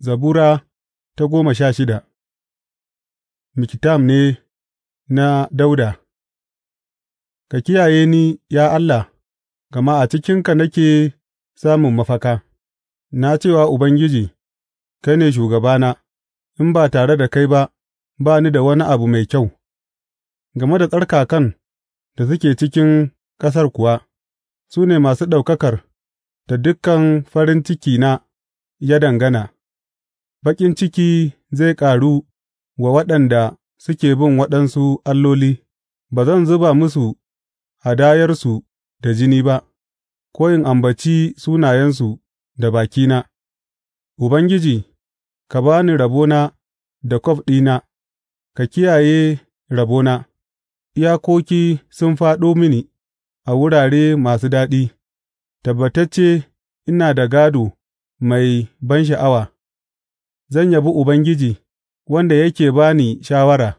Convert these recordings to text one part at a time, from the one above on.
Zabura ta goma sha shida mikitam ne na Dauda Ka kiyaye ni, ya Allah, gama a cikinka nake samun mafaka; na cewa Ubangiji, Kai ne shugabana, in ba tare da kai ba, ba ni da wani abu mai kyau, game da tsarkakan da suke cikin ƙasar kuwa, su ne masu ɗaukakar da dukkan farin ciki na ya dangana. Baƙin ciki zai ƙaru wa waɗanda suke bin waɗansu alloli; ba zan zuba musu hadayarsu da jini ba, ko in ambaci sunayensu da bakina; Ubangiji, ka ba ni rabona da kwaf ɗina, ka kiyaye rabona; iyakoki sun faɗo mini a wurare masu daɗi, tabbatacce ina da gado mai ban sha'awa. Zan yabi Ubangiji, wanda yake ba ni shawara;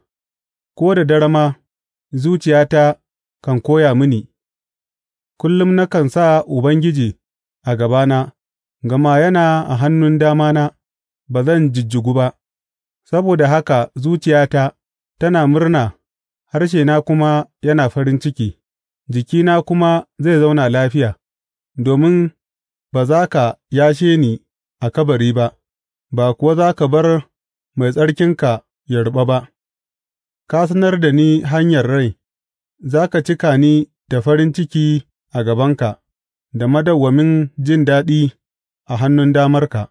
ko da dare ma zuciyata kan koya mini, kullum nakan sa Ubangiji a gabana, gama yana a hannun damana ba zan jijjigu ba, saboda haka zuciyata tana murna harshena kuma yana farin ciki, jikina kuma zai zauna lafiya, domin ba za ka yashe ni a kabari ba. ba kuwa za ka bar Mai Tsarkinka ya ruɓa ba; ka sanar da ni hanyar rai, za ka cika ni da farin ciki a gabanka, da madawwamin jin daɗi a hannun damarka.